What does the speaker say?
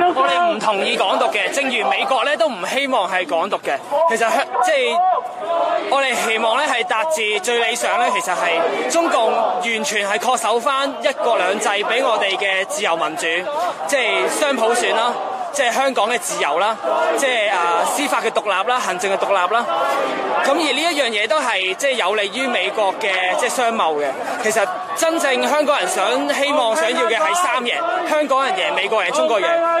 我哋唔同意港獨嘅，正如美國咧都唔希望係港獨嘅。其實香即係我哋希望咧係達至最理想咧，其實係中共完全係確守翻一國兩制俾我哋嘅自由民主，即係雙普選啦，即係香港嘅自由啦，即係、呃、司法嘅獨立啦，行政嘅獨立啦。咁而呢一樣嘢都係即係有利於美國嘅即係商貿嘅。其實真正香港人想希望想要嘅係三贏：香港人贏，美國贏，中國贏。